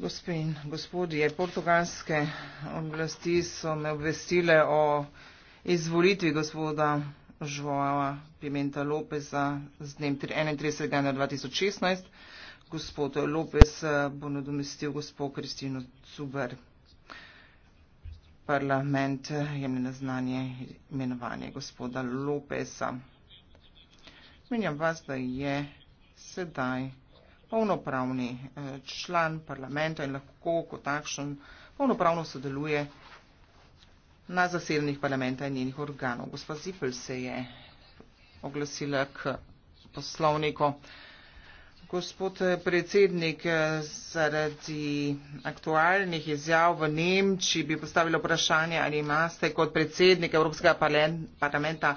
gospe in gospodje portugalske oblasti so me obvestile o izvolitvi gospoda Žvoja Pimenta Lopeza z dnem 31. januarja 2016. Gospod Lopez eh, bo nadomestil gospod Kristino Cuber. Parlament eh, je mi na znanje imenovanje gospoda Lopeza. Menjam vas, da je sedaj polnopravni eh, član parlamenta in lahko kot takšen polnopravno sodeluje na zasedanjih parlamenta in njenih organov. Gospa Zipel se je oglasila k poslovniku. Gospod eh, predsednik, eh, zaradi aktualnih izjav v Nemčiji bi postavila vprašanje, ali imate kot predsednik Evropskega parlamenta